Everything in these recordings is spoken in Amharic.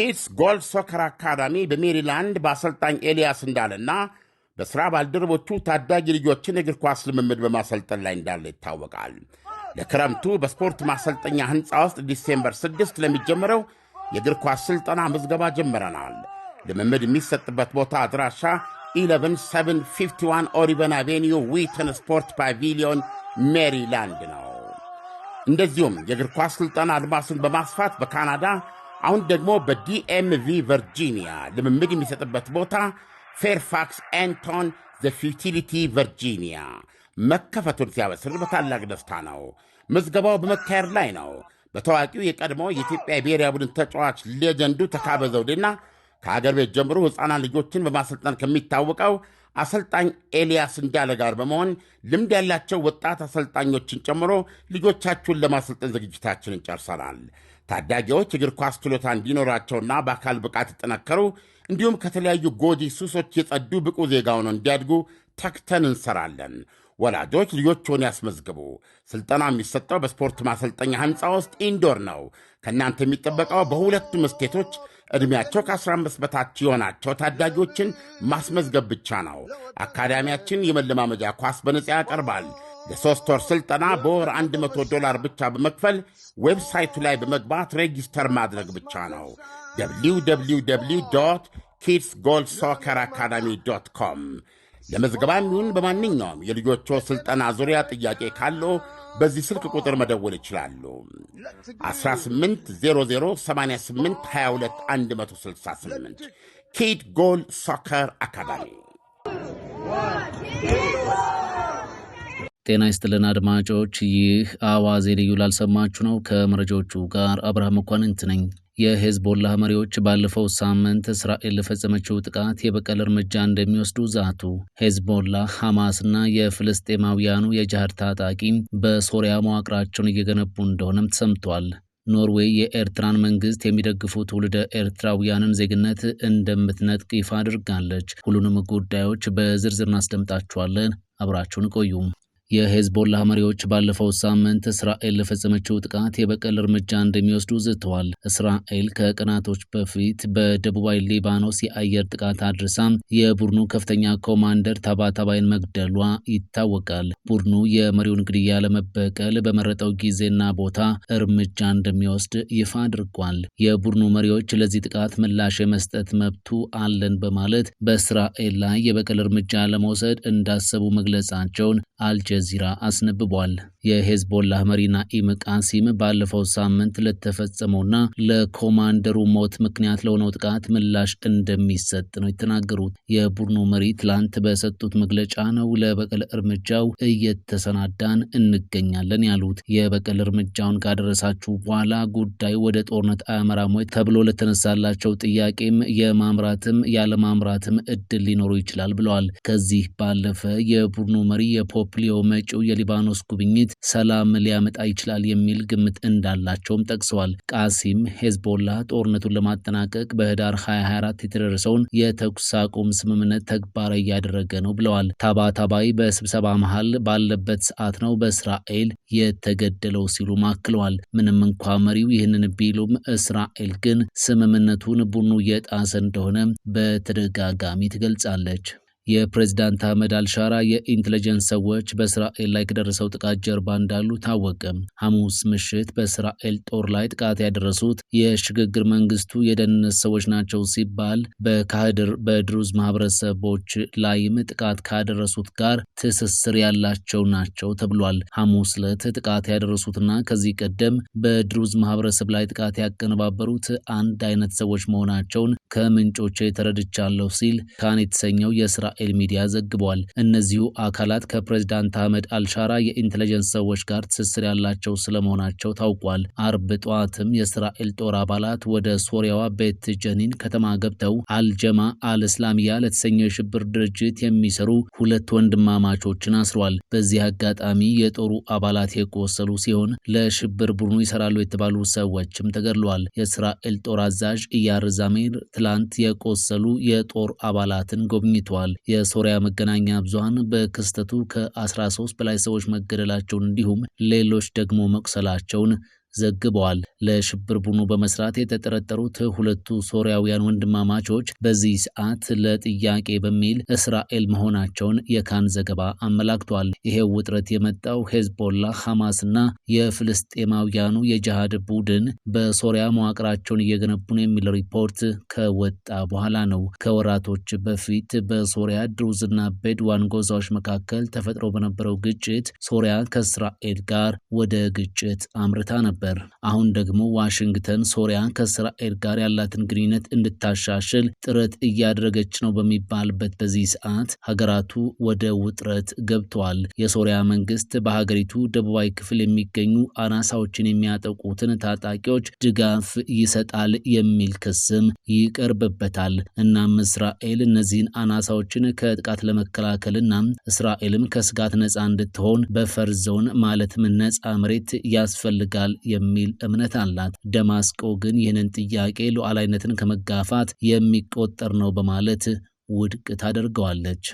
ስቴትስ ጎልፍ ሶከር አካዳሚ በሜሪላንድ በአሰልጣኝ ኤልያስ እንዳለና በሥራ ባልደረቦቹ ታዳጊ ልጆችን የእግር ኳስ ልምምድ በማሰልጠን ላይ እንዳለ ይታወቃል። ለክረምቱ በስፖርት ማሰልጠኛ ሕንፃ ውስጥ ዲሴምበር 6 ለሚጀምረው የእግር ኳስ ሥልጠና ምዝገባ ጀምረናል። ልምምድ የሚሰጥበት ቦታ አድራሻ 11751 ኦሪቨን አቬኒዩ ዊትን ስፖርት ፓቪሊዮን ሜሪላንድ ነው። እንደዚሁም የእግር ኳስ ሥልጠና አድማሱን በማስፋት በካናዳ አሁን ደግሞ በዲኤምቪ ቨርጂኒያ ልምምድ የሚሰጥበት ቦታ ፌርፋክስ ኤንቶን ዘ ፊውቲሊቲ ቨርጂኒያ መከፈቱን ሲያበስር በታላቅ ደስታ ነው። ምዝገባው በመካሄድ ላይ ነው። በታዋቂው የቀድሞ የኢትዮጵያ የብሔራዊ ቡድን ተጫዋች ሌጀንዱ ተካበ ዘውዴና ከሀገር ቤት ጀምሮ ሕፃናት ልጆችን በማሰልጠን ከሚታወቀው አሰልጣኝ ኤልያስ እንዳለ ጋር በመሆን ልምድ ያላቸው ወጣት አሰልጣኞችን ጨምሮ ልጆቻችሁን ለማሰልጠን ዝግጅታችንን ጨርሰናል። ታዳጊዎች እግር ኳስ ችሎታ እንዲኖራቸውና በአካል ብቃት ይጠነከሩ እንዲሁም ከተለያዩ ጎጂ ሱሶች የጸዱ ብቁ ዜጋ ሆነው እንዲያድጉ ተክተን እንሰራለን። ወላጆች ልጆችን ያስመዝግቡ። ስልጠና የሚሰጠው በስፖርት ማሰልጠኛ ሕንፃ ውስጥ ኢንዶር ነው። ከእናንተ የሚጠበቀው በሁለቱም ስቴቶች ዕድሜያቸው ከ15 በታች የሆናቸው ታዳጊዎችን ማስመዝገብ ብቻ ነው። አካዳሚያችን የመለማመጃ ኳስ በነፃ ያቀርባል። የሦስት ወር ሥልጠና በወር 100 ዶላር ብቻ በመክፈል ዌብሳይቱ ላይ በመግባት ሬጂስተር ማድረግ ብቻ ነው። www ኪድስ ጎል ሶከር አካዳሚ ዶት ኮም። ለመዝገባ የሚሆን በማንኛውም የልጆቹ ሥልጠና ዙሪያ ጥያቄ ካለው በዚህ ስልክ ቁጥር መደወል ይችላሉ። 180088226168 ኪድ ጎል ሶከር አካዳሚ ጤና ይስጥልን አድማጮች፣ ይህ አዋዜ ልዩ ላልሰማችሁ ነው። ከመረጃዎቹ ጋር አብርሃም መኳንንት ነኝ። የሄዝቦላ መሪዎች ባለፈው ሳምንት እስራኤል ለፈጸመችው ጥቃት የበቀል እርምጃ እንደሚወስዱ ዛቱ። ሄዝቦላ፣ ሐማስና የፍልስጤማውያኑ የጅሃድ ታጣቂ በሶሪያ መዋቅራቸውን እየገነቡ እንደሆነም ተሰምቷል። ኖርዌይ የኤርትራን መንግስት የሚደግፉ ትውልደ ኤርትራውያንን ዜግነት እንደምትነጥቅ ይፋ አድርጋለች። ሁሉንም ጉዳዮች በዝርዝር እናስደምጣችኋለን። አብራችሁን ቆዩም የሄዝቦላ መሪዎች ባለፈው ሳምንት እስራኤል ለፈጸመችው ጥቃት የበቀል እርምጃ እንደሚወስዱ ዝተዋል። እስራኤል ከቀናቶች በፊት በደቡባዊ ሊባኖስ የአየር ጥቃት አድርሳ የቡድኑ ከፍተኛ ኮማንደር ታባታባይን መግደሏ ይታወቃል። ቡድኑ የመሪውን ግድያ ለመበቀል በመረጠው ጊዜና ቦታ እርምጃ እንደሚወስድ ይፋ አድርጓል። የቡድኑ መሪዎች ለዚህ ጥቃት ምላሽ የመስጠት መብቱ አለን በማለት በእስራኤል ላይ የበቀል እርምጃ ለመውሰድ እንዳሰቡ መግለጻቸውን አልጀ አልጀዚራ አስነብቧል። የሄዝቦላህ መሪና ናኢም ቃሲም ባለፈው ሳምንት ለተፈጸመውና ለኮማንደሩ ሞት ምክንያት ለሆነው ጥቃት ምላሽ እንደሚሰጥ ነው የተናገሩት። የቡድኑ መሪ ትላንት በሰጡት መግለጫ ነው ለበቀል እርምጃው እየተሰናዳን እንገኛለን ያሉት። የበቀል እርምጃውን ካደረሳችሁ በኋላ ጉዳይ ወደ ጦርነት አያመራም ወይ ተብሎ ለተነሳላቸው ጥያቄም የማምራትም ያለማምራትም እድል ሊኖሩ ይችላል ብለዋል። ከዚህ ባለፈ የቡድኑ መሪ የፖፕሊዮ መጪው የሊባኖስ ጉብኝት ሰላም ሊያመጣ ይችላል የሚል ግምት እንዳላቸውም ጠቅሰዋል። ቃሲም ሄዝቦላ ጦርነቱን ለማጠናቀቅ በህዳር 2024 የተደረሰውን የተኩስ አቁም ስምምነት ተግባራዊ እያደረገ ነው ብለዋል። ታባታባይ በስብሰባ መሃል ባለበት ሰዓት ነው በእስራኤል የተገደለው ሲሉ ማክለዋል። ምንም እንኳ መሪው ይህንን ቢሉም እስራኤል ግን ስምምነቱን ቡኑ የጣሰ እንደሆነ በተደጋጋሚ ትገልጻለች። የፕሬዝዳንት አህመድ አልሻራ የኢንቴሊጀንስ ሰዎች በእስራኤል ላይ ከደረሰው ጥቃት ጀርባ እንዳሉ ታወቀ። ሐሙስ ምሽት በእስራኤል ጦር ላይ ጥቃት ያደረሱት የሽግግር መንግስቱ የደህንነት ሰዎች ናቸው ሲባል በካህድር በድሩዝ ማህበረሰቦች ላይም ጥቃት ካደረሱት ጋር ትስስር ያላቸው ናቸው ተብሏል። ሐሙስ ዕለት ጥቃት ያደረሱትና ከዚህ ቀደም በድሩዝ ማህበረሰብ ላይ ጥቃት ያቀነባበሩት አንድ አይነት ሰዎች መሆናቸውን ከምንጮቼ ተረድቻለሁ ሲል ካን የተሰኘው የስራ የእስራኤል ሚዲያ ዘግቧል። እነዚሁ አካላት ከፕሬዝዳንት አህመድ አልሻራ የኢንቴሊጀንስ ሰዎች ጋር ትስስር ያላቸው ስለመሆናቸው ታውቋል። አርብ ጠዋትም የእስራኤል ጦር አባላት ወደ ሶሪያዋ ቤት ጀኒን ከተማ ገብተው አልጀማ አልእስላሚያ ለተሰኘው የሽብር ድርጅት የሚሰሩ ሁለት ወንድማማቾችን አስሯል። በዚህ አጋጣሚ የጦሩ አባላት የቆሰሉ ሲሆን ለሽብር ቡድኑ ይሰራሉ የተባሉ ሰዎችም ተገድሏል። የእስራኤል ጦር አዛዥ ኢያር ትላንት የቆሰሉ የጦር አባላትን ጎብኝተዋል። የሶሪያ መገናኛ ብዙሃን በክስተቱ ከ13 በላይ ሰዎች መገደላቸውን እንዲሁም ሌሎች ደግሞ መቁሰላቸውን ዘግበዋል። ለሽብር ቡኑ በመስራት የተጠረጠሩት ሁለቱ ሶሪያውያን ወንድማማቾች በዚህ ሰዓት ለጥያቄ በሚል እስራኤል መሆናቸውን የካን ዘገባ አመላክቷል። ይሄው ውጥረት የመጣው ሄዝቦላ፣ ሐማስና የፍልስጤማውያኑ የጅሃድ ቡድን በሶሪያ መዋቅራቸውን እየገነቡ ነው የሚል ሪፖርት ከወጣ በኋላ ነው። ከወራቶች በፊት በሶሪያ ድሩዝና ቤድዋን ጎዛዎች መካከል ተፈጥሮ በነበረው ግጭት ሶሪያ ከእስራኤል ጋር ወደ ግጭት አምርታ ነበር። ነበር። አሁን ደግሞ ዋሽንግተን ሶሪያ ከእስራኤል ጋር ያላትን ግንኙነት እንድታሻሽል ጥረት እያደረገች ነው በሚባልበት በዚህ ሰዓት ሀገራቱ ወደ ውጥረት ገብተዋል። የሶሪያ መንግስት በሀገሪቱ ደቡባዊ ክፍል የሚገኙ አናሳዎችን የሚያጠቁትን ታጣቂዎች ድጋፍ ይሰጣል የሚል ክስም ይቀርብበታል። እናም እስራኤል እነዚህን አናሳዎችን ከጥቃት ለመከላከልና እስራኤልም ከስጋት ነፃ እንድትሆን በፈርዘውን ማለትም ነፃ መሬት ያስፈልጋል የሚል እምነት አላት። ደማስቆ ግን ይህንን ጥያቄ ሉዓላዊነትን ከመጋፋት የሚቆጠር ነው በማለት ውድቅ ታደርገዋለች።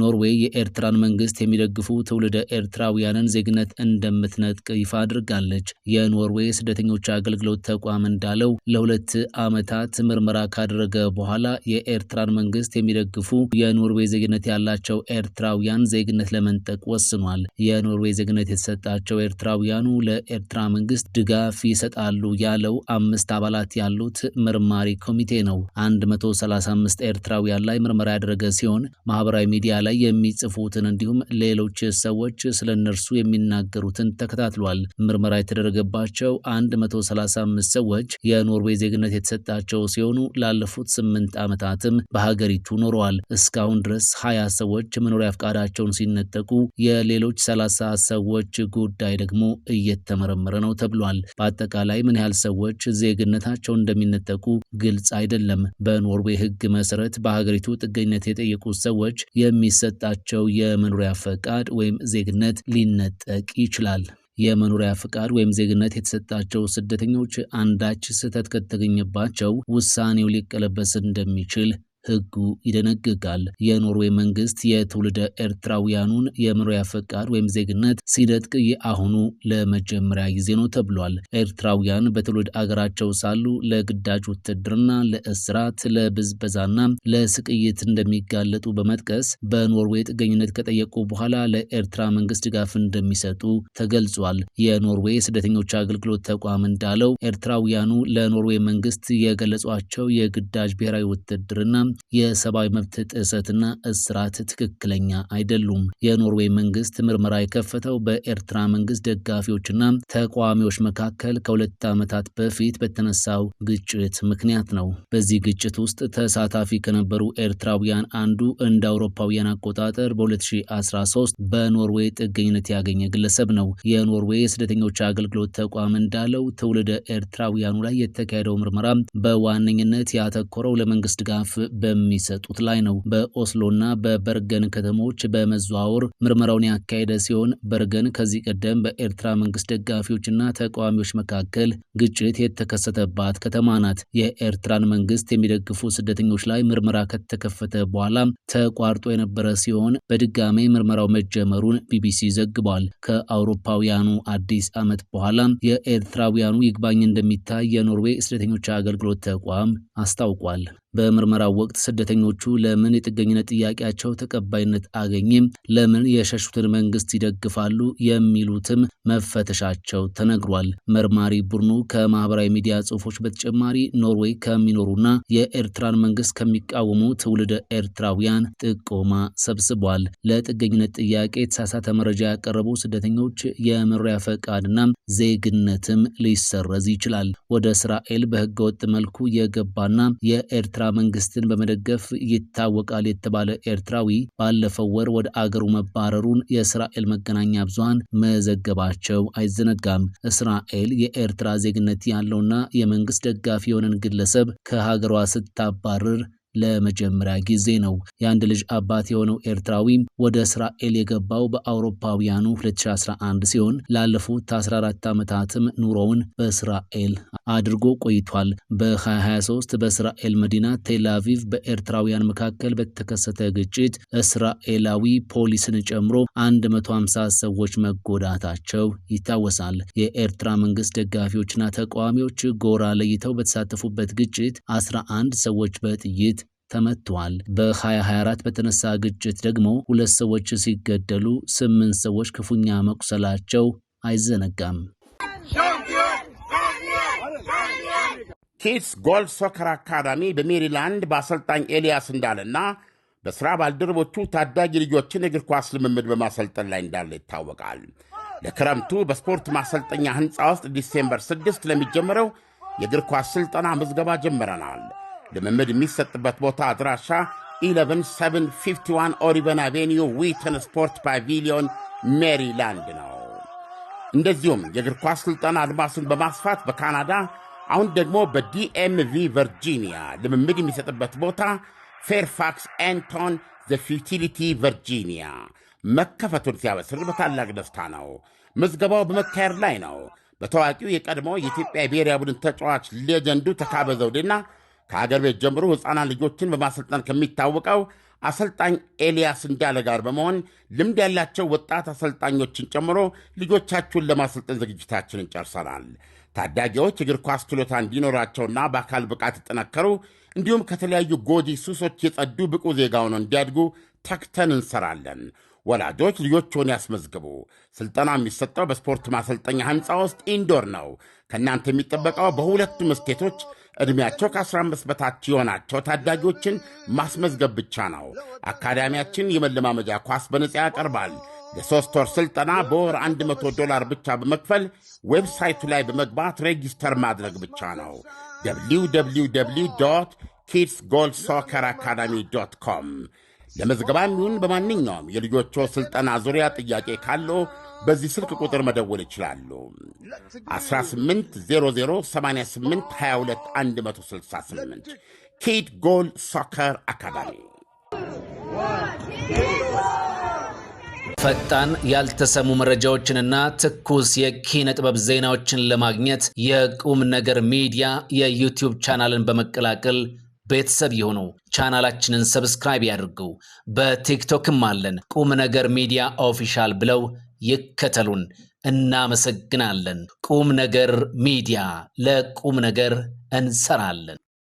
ኖርዌይ የኤርትራን መንግስት የሚደግፉ ትውልደ ኤርትራውያንን ዜግነት እንደምትነጥቅ ይፋ አድርጋለች። የኖርዌይ ስደተኞች አገልግሎት ተቋም እንዳለው ለሁለት ዓመታት ምርመራ ካደረገ በኋላ የኤርትራን መንግስት የሚደግፉ የኖርዌይ ዜግነት ያላቸው ኤርትራውያን ዜግነት ለመንጠቅ ወስኗል። የኖርዌይ ዜግነት የተሰጣቸው ኤርትራውያኑ ለኤርትራ መንግስት ድጋፍ ይሰጣሉ ያለው አምስት አባላት ያሉት መርማሪ ኮሚቴ ነው። 135 ኤርትራውያን ላይ ምርመራ ያደረገ ሲሆን ማህበራዊ ሚዲያ ላይ የሚጽፉትን እንዲሁም ሌሎች ሰዎች ስለ እነርሱ የሚናገሩትን ተከታትሏል። ምርመራ የተደረገባቸው 135 ሰዎች የኖርዌይ ዜግነት የተሰጣቸው ሲሆኑ ላለፉት ስምንት ዓመታትም በሀገሪቱ ኖረዋል። እስካሁን ድረስ 20 ሰዎች መኖሪያ ፈቃዳቸውን ሲነጠቁ የሌሎች ሰላሳ ሰዎች ጉዳይ ደግሞ እየተመረመረ ነው ተብሏል። በአጠቃላይ ምን ያህል ሰዎች ዜግነታቸው እንደሚነጠቁ ግልጽ አይደለም። በኖርዌይ ሕግ መሰረት በሀገሪቱ ጥገኝነት የጠየቁ ሰዎች የሚ ከሚሰጣቸው የመኖሪያ ፈቃድ ወይም ዜግነት ሊነጠቅ ይችላል። የመኖሪያ ፍቃድ ወይም ዜግነት የተሰጣቸው ስደተኞች አንዳች ስህተት ከተገኘባቸው ውሳኔው ሊቀለበስ እንደሚችል ህጉ ይደነግጋል። የኖርዌይ መንግስት የትውልደ ኤርትራውያኑን የመኖሪያ ፈቃድ ወይም ዜግነት ሲነጥቅ የአሁኑ ለመጀመሪያ ጊዜ ነው ተብሏል። ኤርትራውያን በትውልድ አገራቸው ሳሉ ለግዳጅ ውትድርና፣ ለእስራት፣ ለብዝበዛና ለስቅይት እንደሚጋለጡ በመጥቀስ በኖርዌይ ጥገኝነት ከጠየቁ በኋላ ለኤርትራ መንግስት ድጋፍ እንደሚሰጡ ተገልጿል። የኖርዌይ ስደተኞች አገልግሎት ተቋም እንዳለው ኤርትራውያኑ ለኖርዌይ መንግስት የገለጿቸው የግዳጅ ብሔራዊ ውትድርና የሰብአዊ መብት ጥሰትና እስራት ትክክለኛ አይደሉም። የኖርዌይ መንግስት ምርመራ የከፈተው በኤርትራ መንግስት ደጋፊዎችና ተቃዋሚዎች መካከል ከሁለት ዓመታት በፊት በተነሳው ግጭት ምክንያት ነው። በዚህ ግጭት ውስጥ ተሳታፊ ከነበሩ ኤርትራውያን አንዱ እንደ አውሮፓውያን አቆጣጠር በ2013 በኖርዌይ ጥገኝነት ያገኘ ግለሰብ ነው። የኖርዌይ የስደተኞች አገልግሎት ተቋም እንዳለው ትውልደ ኤርትራውያኑ ላይ የተካሄደው ምርመራ በዋነኝነት ያተኮረው ለመንግስት ድጋፍ በሚሰጡት ላይ ነው። በኦስሎና በበርገን ከተሞች በመዘዋወር ምርመራውን ያካሄደ ሲሆን በርገን ከዚህ ቀደም በኤርትራ መንግስት ደጋፊዎችና ተቃዋሚዎች መካከል ግጭት የተከሰተባት ከተማ ናት። የኤርትራን መንግስት የሚደግፉ ስደተኞች ላይ ምርመራ ከተከፈተ በኋላ ተቋርጦ የነበረ ሲሆን በድጋሜ ምርመራው መጀመሩን ቢቢሲ ዘግቧል። ከአውሮፓውያኑ አዲስ ዓመት በኋላ የኤርትራውያኑ ይግባኝ እንደሚታይ የኖርዌይ ስደተኞች አገልግሎት ተቋም አስታውቋል። በምርመራው ወቅት ስደተኞቹ ለምን የጥገኝነት ጥያቄያቸው ተቀባይነት አገኘም፣ ለምን የሸሹትን መንግስት ይደግፋሉ የሚሉትም መፈተሻቸው ተነግሯል። መርማሪ ቡድኑ ከማህበራዊ ሚዲያ ጽሁፎች በተጨማሪ ኖርዌይ ከሚኖሩና የኤርትራን መንግስት ከሚቃወሙ ትውልደ ኤርትራውያን ጥቆማ ሰብስቧል። ለጥገኝነት ጥያቄ የተሳሳተ መረጃ ያቀረቡ ስደተኞች የመኖሪያ ፈቃድና ዜግነትም ሊሰረዝ ይችላል። ወደ እስራኤል በህገወጥ መልኩ የገባና የኤርትራ የኤርትራ መንግስትን በመደገፍ ይታወቃል የተባለ ኤርትራዊ ባለፈው ወር ወደ አገሩ መባረሩን የእስራኤል መገናኛ ብዙሃን መዘገባቸው አይዘነጋም። እስራኤል የኤርትራ ዜግነት ያለውና የመንግስት ደጋፊ የሆነን ግለሰብ ከሀገሯ ስታባርር ለመጀመሪያ ጊዜ ነው። የአንድ ልጅ አባት የሆነው ኤርትራዊ ወደ እስራኤል የገባው በአውሮፓውያኑ 2011 ሲሆን ላለፉት 14 ዓመታትም ኑሮውን በእስራኤል አድርጎ ቆይቷል። በ2023 በእስራኤል መዲና ቴል አቪቭ በኤርትራውያን መካከል በተከሰተ ግጭት እስራኤላዊ ፖሊስን ጨምሮ 150 ሰዎች መጎዳታቸው ይታወሳል። የኤርትራ መንግስት ደጋፊዎችና ተቃዋሚዎች ጎራ ለይተው በተሳተፉበት ግጭት 11 ሰዎች በጥይት ተመቷል። በ2024 በተነሳ ግጭት ደግሞ ሁለት ሰዎች ሲገደሉ ስምንት ሰዎች ክፉኛ መቁሰላቸው አይዘነጋም። ኪድስ ጎልድ ሶከር አካዳሚ በሜሪላንድ በአሰልጣኝ ኤልያስ እንዳለና በሥራ ባልደረቦቹ ታዳጊ ልጆችን የእግር ኳስ ልምምድ በማሰልጠን ላይ እንዳለ ይታወቃል። ለክረምቱ በስፖርት ማሰልጠኛ ሕንፃ ውስጥ ዲሴምበር 6 ለሚጀምረው የእግር ኳስ ሥልጠና ምዝገባ ጀምረናል። ልምምድ የሚሰጥበት ቦታ አድራሻ 11751 ኦሪቨን አቬኒዩ ዊተን ስፖርት ፓቪሊዮን ሜሪላንድ ነው። እንደዚሁም የእግር ኳስ ሥልጠና አድማሱን በማስፋት በካናዳ አሁን ደግሞ በዲኤምቪ ቨርጂኒያ ልምምድ የሚሰጥበት ቦታ ፌርፋክስ ኤንቶን ዘ ፊቲሊቲ ቨርጂኒያ መከፈቱን ሲያበስር በታላቅ ደስታ ነው። ምዝገባው በመካሄድ ላይ ነው። በታዋቂው የቀድሞ የኢትዮጵያ ብሔርያ ቡድን ተጫዋች ሌጀንዱ ተካበ ዘውዴና ከአገር ቤት ጀምሮ ሕፃናት ልጆችን በማሰልጠን ከሚታወቀው አሰልጣኝ ኤልያስ እንዳለ ጋር በመሆን ልምድ ያላቸው ወጣት አሰልጣኞችን ጨምሮ ልጆቻችሁን ለማሰልጠን ዝግጅታችንን ጨርሰናል። ታዳጊዎች እግር ኳስ ችሎታ እንዲኖራቸውና በአካል ብቃት የጠነከሩ እንዲሁም ከተለያዩ ጎጂ ሱሶች የጸዱ ብቁ ዜጋ ሆነው እንዲያድጉ ተክተን እንሰራለን። ወላጆች ልጆችዎን ያስመዝግቡ። ስልጠና የሚሰጠው በስፖርት ማሰልጠኛ ህንፃ ውስጥ ኢንዶር ነው። ከእናንተ የሚጠበቀው በሁለቱ መስኬቶች ዕድሜያቸው ከ15 በታች የሆናቸው ታዳጊዎችን ማስመዝገብ ብቻ ነው። አካዳሚያችን የመለማመጃ ኳስ በነጻ ያቀርባል። የሦስት ወር ሥልጠና በወር 100 ዶላር ብቻ በመክፈል ዌብሳይቱ ላይ በመግባት ሬጂስተር ማድረግ ብቻ ነው። www ኪድስ ጎል ሶከር አካዳሚ ዶት ኮም ለመዝገባም ይሁን በማንኛውም የልጆችዎ ሥልጠና ዙሪያ ጥያቄ ካለው በዚህ ስልክ ቁጥር መደወል ይችላሉ። 18008822 ኪድ ጎል ሶከር አካዳሚ። ፈጣን ያልተሰሙ መረጃዎችንና ትኩስ የኪነ ጥበብ ዜናዎችን ለማግኘት የቁም ነገር ሚዲያ የዩቲዩብ ቻናልን በመቀላቀል ቤተሰብ የሆኑ ቻናላችንን ሰብስክራይብ ያድርጉ። በቲክቶክም አለን። ቁም ነገር ሚዲያ ኦፊሻል ብለው ይከተሉን። እናመሰግናለን። ቁም ነገር ሚዲያ ለቁም ነገር እንሰራለን።